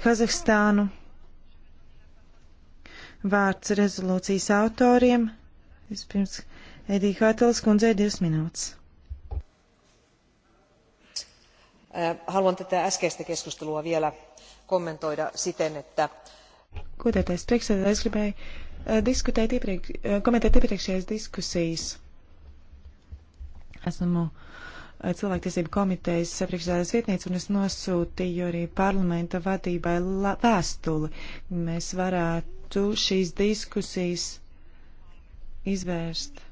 Kazahstānu. Vārds rezolūcijas autoriem. Vispirms Edija Hātelas kundzei divas minūtes. Haluan tätä äskeistä keskustelua vielä kommentoida siten, että... Kuuntētais priekšsēdētājs gribēja diskutēt iepriek, komentēt iepriekšējās diskusijas. Esmu uh, Eh, cilvēktiesību komitejas priekšsēdētājas vietniece, un es nosūtīju arī parlamenta vadībai vēstuli. Mēs varētu šīs diskusijas izvērst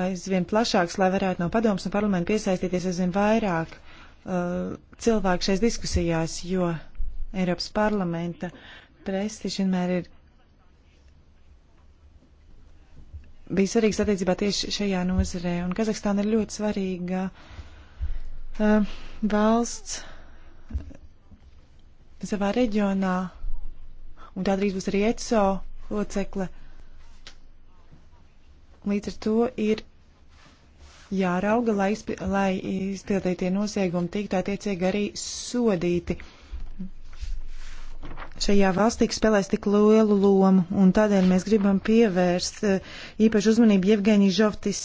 aizvien plašāks, lai varētu no padomus un parlamenta piesaistīties aizvien vairāk uh, cilvēku šais diskusijās, jo Eiropas parlamenta prestiži vienmēr ir bija svarīgs attiecībā tieši šajā nozarē. Un Kazahstāna ir ļoti svarīga uh, valsts savā reģionā, un tā drīz būs arī ECO locekle. Līdz ar to ir jārauga, lai, izp lai izpildītie noziegumi tiktu attiecīgi arī sodīti. Uh, šajā valstī spēlēs tik lielu lomu, un tādēļ mēs gribam pievērst eh, īpašu uzmanību Jevgeņi Žoftis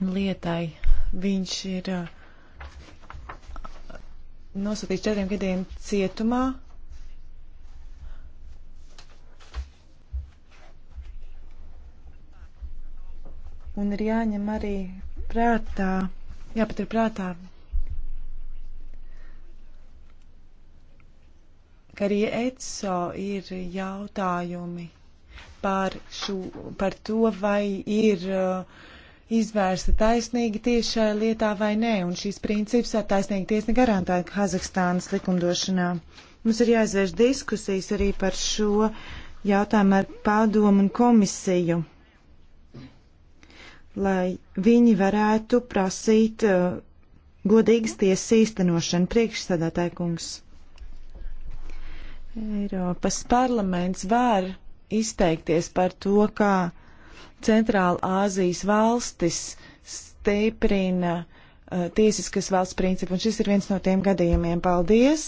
lietai. Viņš ir eh, nosūtīts četriem gadiem cietumā. Un ir jāņem arī prātā, jāpat ir prātā ka arī ECO ir jautājumi par, šo, par to, vai ir uh, izvērsta taisnīgi tiešai lietā vai nē, un šīs princips taisnīgi tiesne garantē Kazahstānas likumdošanā. Mums ir jāizvērš diskusijas arī par šo jautājumu ar padomu un komisiju, lai viņi varētu prasīt uh, godīgas tiesas īstenošanu priekšsēdētāju kungs. Eiropas parlaments var izteikties par to, kā Centrāla Āzijas valstis stiprina uh, tiesiskas valsts principu, un šis ir viens no tiem gadījumiem. Paldies!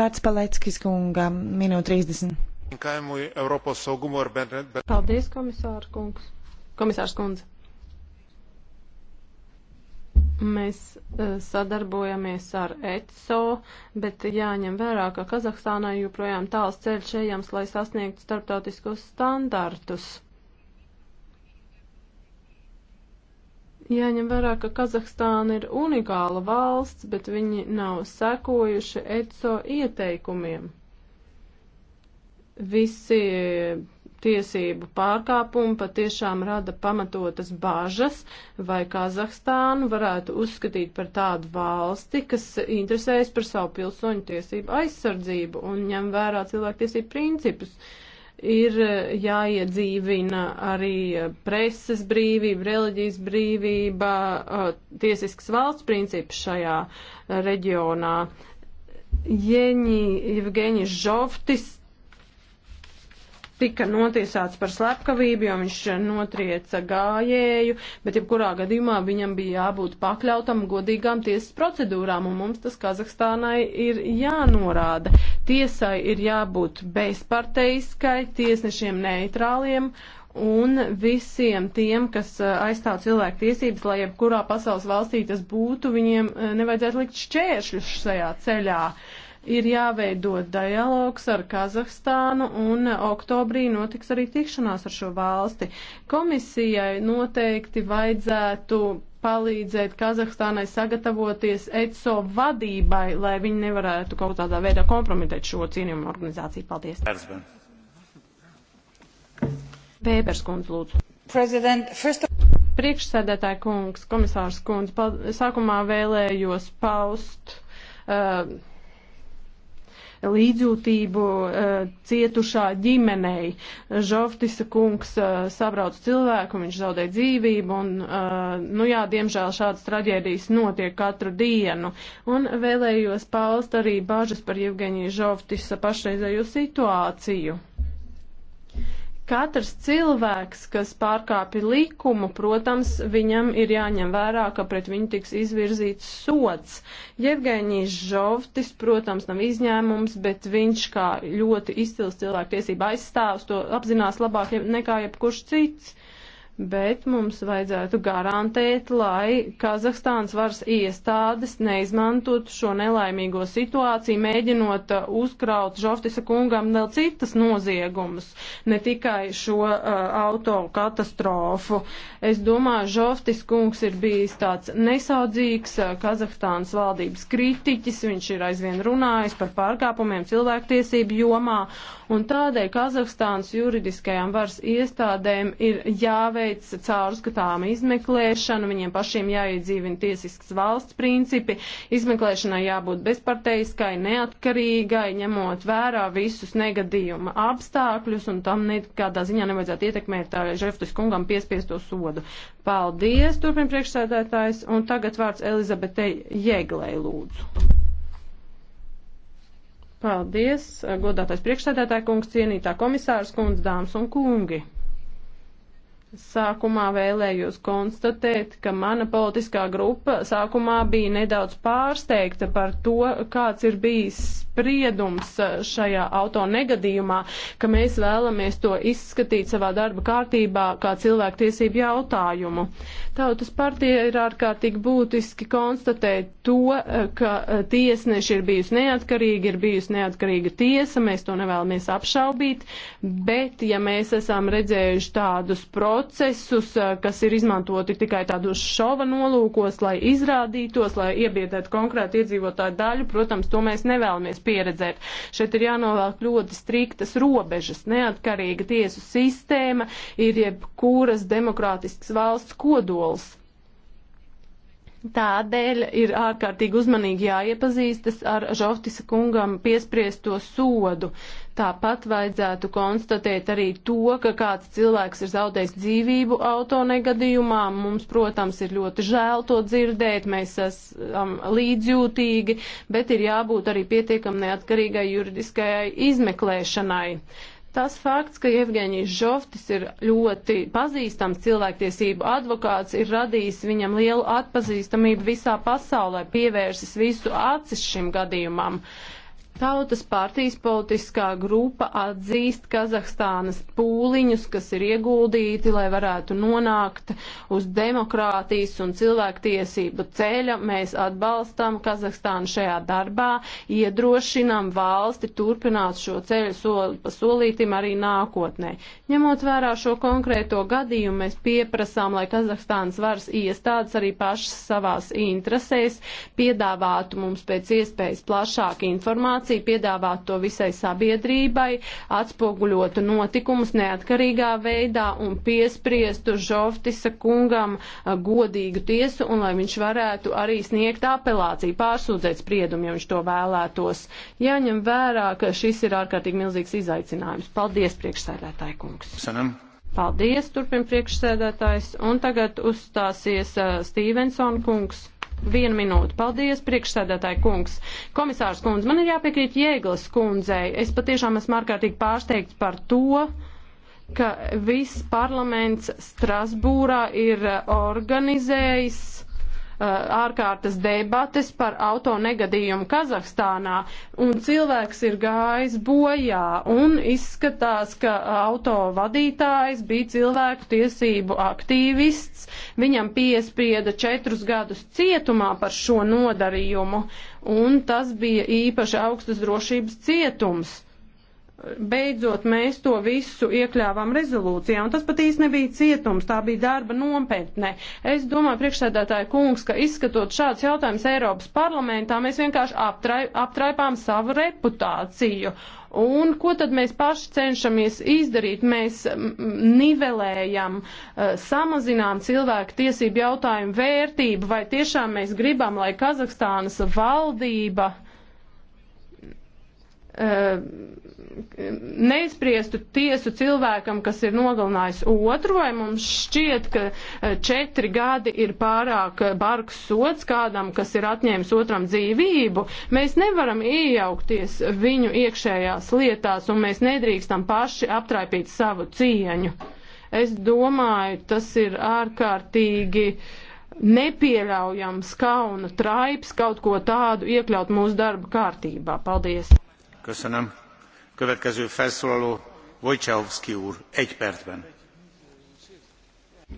Vārds Paleckis kungam, minūte 30. Paldies, komisāra kungs. Komisārs kundze. Mēs eh, sadarbojamies ar ETSO, bet jāņem vērā, ka Kazahstānai joprojām tāls ceļš ejams, lai sasniegtu starptautiskos standartus. Jāņem vērā, ka Kazahstāna ir unikāla valsts, bet viņi nav sekojuši ETSO ieteikumiem. Visi tiesību pārkāpumi patiešām rada pamatotas bažas, vai Kazahstānu varētu uzskatīt par tādu valsti, kas interesējas par savu pilsoņu tiesību aizsardzību un ņem vērā cilvēktiesību principus. Ir eh, jāiedzīvina arī eh, preses brīvība, reliģijas brīvība, eh, tiesisks valsts princips šajā reģionā. Jeņi, Jevgeņi Žoftis tika notiesāts par slepkavību, jo viņš notrieca gājēju, bet jebkurā gadījumā viņam bija jābūt pakļautam godīgām tiesas procedūrām, un mums tas Kazahstānai ir jānorāda. Tiesai ir jābūt bezparteiskai, tiesnešiem neitrāliem un visiem tiem, kas eh, aizstāv cilvēku tiesības, lai jebkurā pasaules valstī tas būtu, viņiem eh, nevajadzētu likt šķēršļus šajā ceļā. Uh, ir jāveido dialogs ar Kazahstānu un oktobrī notiks arī tikšanās ar šo valsti. Komisijai noteikti vajadzētu palīdzēt Kazahstānai sagatavoties ECO vadībai, lai viņi nevarētu kaut kādā veidā kompromitēt šo cienījumu organizāciju. Paldies. Vēbers kundze, lūdzu. President, first of priekšsēdētāja kungs, komisārs kundze, sākumā vēlējos paust uh, līdzjūtību eh, cietušā ģimenei. Žoftisa kungs eh, sabrauc cilvēku, viņš zaudē dzīvību, un, eh, nu jā, diemžēl šādas traģēdijas notiek katru dienu. Un vēlējos paust arī bažas par Jevgeņiju Žoftisa pašreizējo situāciju. Katrs cilvēks, kas pārkāpja likumu, protams, viņam ir jāņem vērā, ka pret viņu tiks izvirzīts sots. Jevgeņijs Žovtis, protams, nav izņēmums, bet viņš kā ļoti izcils cilvēku tiesība aizstāvs to apzinās labāk nekā jebkurš cits. Uh, bet mums vajadzētu garantēt, lai Kazahstānas varas iestādes neizmantot šo nelaimīgo situāciju, mēģinot uh, uzkraut Žoftisa kungam vēl citas noziegumus, ne tikai šo uh, auto katastrofu. Es domāju, Žoftis kungs ir bijis tāds nesaudzīgs uh, Kazahstānas valdības kritiķis, viņš ir aizvien runājis par pārkāpumiem cilvēktiesību jomā Un tādēļ Kazahstānas juridiskajām varas iestādēm ir jāveic caurskatāma izmeklēšana, viņiem pašiem jāiedzīvina tiesisks valsts principi, izmeklēšanai jābūt bezparteiskai, neatkarīgai, ņemot vērā visus negadījuma apstākļus, un tam nekādā ziņā nevajadzētu ietekmēt Žeftus kungam piespiesto sodu. Paldies, turpin priekšsēdētājs, un tagad vārds Elizabetei Jēglei lūdzu. Paldies, godātais priekšsēdētāja kungs, cienītā komisāras kundze, dāmas un kungi! Sākumā vēlējos konstatēt, ka mana politiskā grupa sākumā bija nedaudz pārsteigta par to, kāds ir bijis spriedums šajā autonegadījumā, ka mēs vēlamies to izskatīt savā darba kārtībā kā cilvēktiesību jautājumu. Tautas partija ir ārkārtīgi būtiski konstatēt to, ka tiesneši ir bijusi neatkarīgi, ir bijusi neatkarīga tiesa, mēs to nevēlamies apšaubīt, bet ja mēs esam redzējuši tādus procesus, procesus, eh, kas ir izmantoti tikai tādos šova nolūkos, lai izrādītos, lai iebiedētu konkrētu iedzīvotāju daļu. Protams, to mēs nevēlamies pieredzēt. Šeit ir jānovelk ļoti striktas robežas. Neatkarīga tiesu sistēma ir jebkuras demokrātiskas valsts kodols. Tādēļ ir ārkārtīgi uzmanīgi jāiepazīstas ar Žoftisa kungam piespriesto sodu. Uh, Tāpat vajadzētu konstatēt arī to, ka kāds cilvēks ir zaudējis dzīvību autonegadījumā. Mums, protams, ir ļoti žēl to dzirdēt, mēs esam līdzjūtīgi, bet ir jābūt arī pietiekam neatkarīgai juridiskajai izmeklēšanai. Tas fakts, ka Evgeņijs Žoftis ir ļoti pazīstams cilvēktiesību advokāts, ir radījis viņam lielu atpazīstamību visā pasaulē, pievērsis visu acis šim gadījumam. Uh, Tautas partijas politiskā grupa atzīst Kazahstānas pūliņus, kas ir ieguldīti, lai varētu nonākt uz demokrātijas un cilvēktiesību ceļa. Mēs atbalstam Kazahstānu šajā darbā, iedrošinam valsti turpināt šo ceļu soli pa solītim arī nākotnē. Ņemot vērā šo konkrēto gadījumu, mēs pieprasām, lai Kazahstānas varas iestādes arī pašas savās interesēs piedāvātu mums pēc iespējas plašāku informāciju informāciju, piedāvāt to visai sabiedrībai, atspoguļotu notikumus neatkarīgā veidā un piespriestu Žoftisa kungam godīgu tiesu un lai viņš varētu arī sniegt apelāciju, pārsūdzēt spriedumu, ja viņš to vēlētos. Jāņem vērā, ka šis ir ārkārtīgi milzīgs izaicinājums. Paldies, priekšsēdētāji kungs! Sanam. Paldies, turpin priekšsēdētājs. Un tagad uzstāsies uh, Stevensona kungs. Vienu minūti. Paldies, priekšsēdētāji kungs. Komisārs kundze, man ir jāpiekrīt Jēglas kundzei. Es patiešām esmu ārkārtīgi pārsteigts par to, ka viss parlaments Strasbūrā ir organizējis Eh, ārkārtas debates par autonegadījumu Kazahstānā, un cilvēks ir gājis bojā, un izskatās, ka auto vadītājs bija cilvēku tiesību aktīvists, viņam piesprieda četrus gadus cietumā par šo nodarījumu, un tas bija īpaši augstas drošības cietums beidzot mēs to visu iekļāvām rezolūcijā, un tas pat īsti nebija cietums, tā bija darba nopietne. Es domāju, priekšsēdētāja kungs, ka izskatot šāds jautājums Eiropas parlamentā, mēs vienkārši aptrai, aptraipām savu reputāciju. Un ko tad mēs paši cenšamies izdarīt? Mēs nivelējam, eh, samazinām cilvēku tiesību jautājumu vērtību, vai tiešām mēs gribam, lai Kazahstānas valdība. Uh, neizpriestu tiesu cilvēkam, kas ir nogalinājis otru, vai mums šķiet, ka e, četri gadi ir pārāk e, bargs sots kādam, kas ir atņēmis otram dzīvību. Mēs nevaram iejaukties viņu iekšējās lietās, un mēs nedrīkstam paši aptraipīt savu cieņu. Es domāju, tas ir ārkārtīgi uh, nepieļaujams kauna traips kaut ko tādu iekļaut mūsu darba kārtībā. Paldies! Köszönöm. Következő felszólaló Vojčehovski úr, egy percben.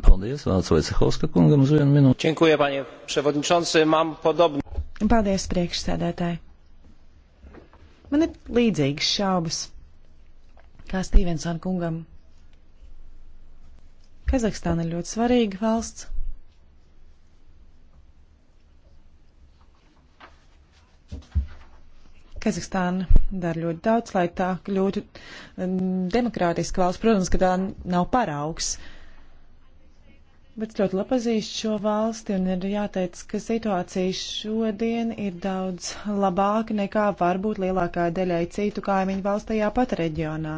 Paldies, vārds Vojcehovska kungam uz vienu minūti. Činkuja, panie prevodničonsi, mam podobni. Paldies, priekšsēdētāji. Man ir līdzīgas šaubas, kā Stīvensona kungam. Kazahstāna ir ļoti svarīga valsts. Kazahstāna dara ļoti daudz, lai tā kļūtu eh, demokrātiska valsts. Protams, ka tā nav paraugs. Bet es ļoti labi pazīstu šo valsti un ir jāteic, ka situācija šodien ir daudz labāka nekā varbūt lielākā daļai citu kaimiņu valsts tajā pat reģionā.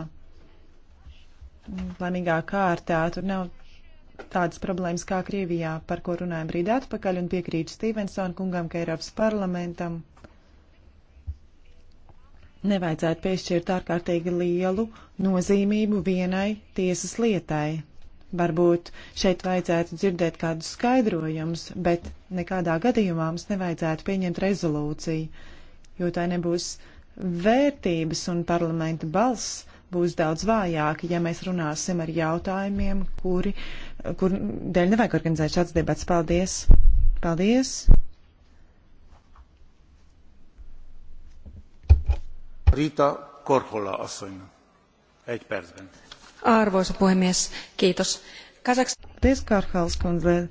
Laimīgā kārtā tur nav tādas problēmas kā Krievijā, par ko runājam brīdi atpakaļ, un piekrītu Stevensona kungam, ka Eiropas parlamentam nevajadzētu piešķirt ārkārtīgi lielu nozīmību vienai tiesas lietai. Varbūt šeit vajadzētu dzirdēt kādus skaidrojumus, bet nekādā gadījumā mums nevajadzētu pieņemt rezolūciju, jo tai nebūs vērtības un parlamenta balss būs daudz vājāka, ja mēs runāsim ar jautājumiem, kuri, kur dēļ nevajag organizēt šāds debats. Paldies! Paldies! Rita Korhola asszony. Egy percben. Arvoisa puhemies, kiitos. Kazakst... Paldies, Karhals kundze.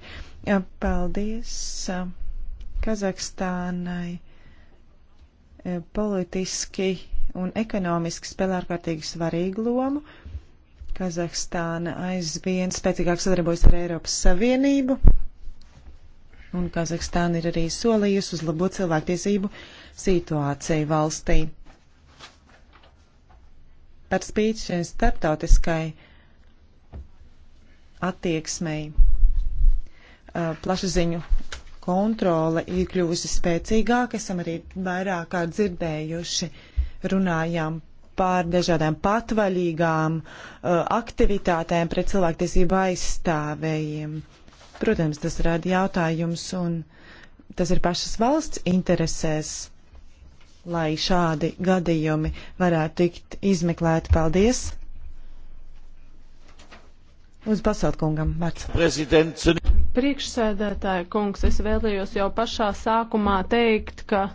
Paldies Kazahstānai e, politiski un ekonomiski spēlē ārkārtīgi svarīgu lomu. Kazahstāna aizvien spēcīgāk sadarbojas ar Eiropas Savienību, un Kazahstāna ir arī solījusi uzlabot cilvēktiesību situāciju valstī par spīti šai starptautiskai attieksmei. Plašsaziņu kontrole ir kļuvusi spēcīgāka, esam arī vairāk kā dzirdējuši, runājām par dažādām patvaļīgām aktivitātēm pret cilvēktiesību aizstāvējiem. Protams, tas rada jautājums un tas ir pašas valsts interesēs lai šādi gadījumi varētu tikt izmeklēti. Paldies! Uz pasaulkungam vārds. Priekšsēdētāja kungs, es vēlējos jau pašā sākumā teikt, ka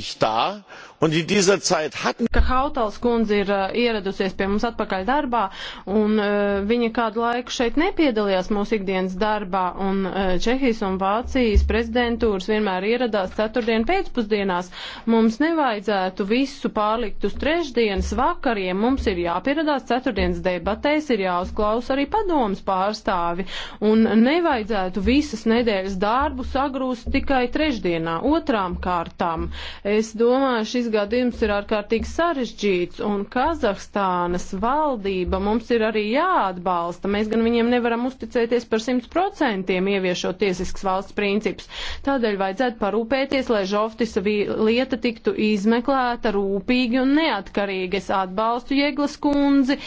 nicht da. Un in dieser Zeit hatten... Ka Hautals kundze ir uh, ieradusies pie mums atpakaļ darbā, un uh, viņa kādu laiku šeit nepiedalījās mūsu ikdienas darbā, un uh, Čehijas un Vācijas prezidentūras vienmēr ieradās ceturtdien pēcpusdienās. Mums nevajadzētu visu pārlikt uz trešdienas vakariem, mums ir jāpieradās ceturtdienas debatēs, ir jāuzklausa arī padomas pārstāvi, un nevajadzētu visas nedēļas darbu sagrūst tikai trešdienā. Otrām kārtām Es domāju, šis gadījums ir ārkārtīgi sarežģīts, un Kazahstānas valdība mums ir arī jāatbalsta. Mēs gan viņiem nevaram uzticēties par 100% ieviešot tiesisks valsts principus. Tādēļ vajadzētu parūpēties, lai Žoftisa lieta tiktu izmeklēta rūpīgi un neatkarīgi. Es atbalstu Jēglas kundzi,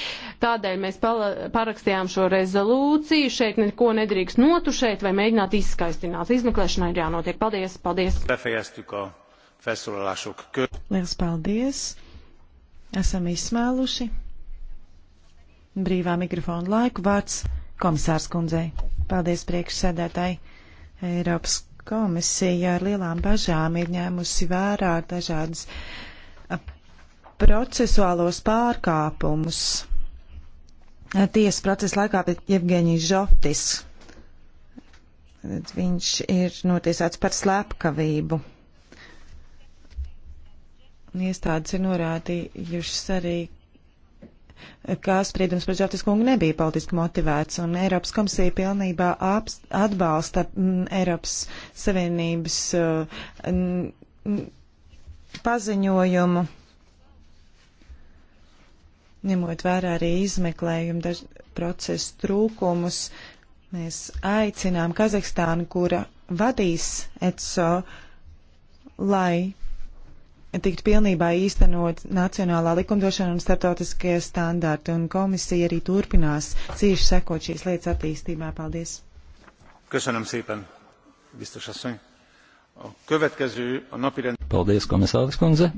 tādēļ mēs parakstījām šo rezolūciju. Šeit neko nedrīkst notušēt vai mēģināt izskaistināt. Izmeklēšanai ir jānotiek. Paldies! Paldies! Prefejas, felszólalások kör. Liels paldies! Esam izsmēluši brīvā mikrofona laiku. Vārds komisārs kundzei. Paldies priekšsēdētāji. Eiropas komisija ar lielām bažām ir ņēmusi vērā dažādas procesuālos pārkāpumus tiesas procesa laikā pret Jevgeņiju Žoftis. Viņš ir notiesāts par slepkavību. Iestādes ir norādījušas arī, ka spriedums par Džotis kungu nebija politiski motivēts, un Eiropas komisija pilnībā aps, atbalsta m, mm, Eiropas Savienības m, uh, m, paziņojumu, ņemot vērā arī izmeklējumu daž, procesu trūkumus. Mēs aicinām Kazahstānu, kura vadīs ECO, lai tikt pilnībā īstenot nacionālā likumdošana un startautiskie standarti, un komisija arī turpinās cieši sekot šīs lietas attīstībā. Paldies! Köszönöm szépen, biztos asszony! A következő a napirend... Paldies, komisāris kundze!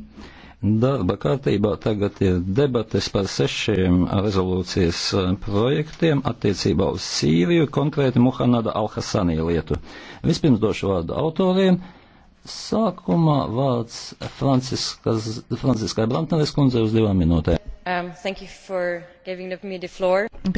Darba kārtībā tagad ir debates par sešiem rezolūcijas e, projektiem attiecībā uz Sīriju, konkrēti Muhanada Alhasanī lietu. Vispirms došu vārdu autoriem. Sākumā vārds Franciskai Brantneres kundzei uz divām minūtēm. Um,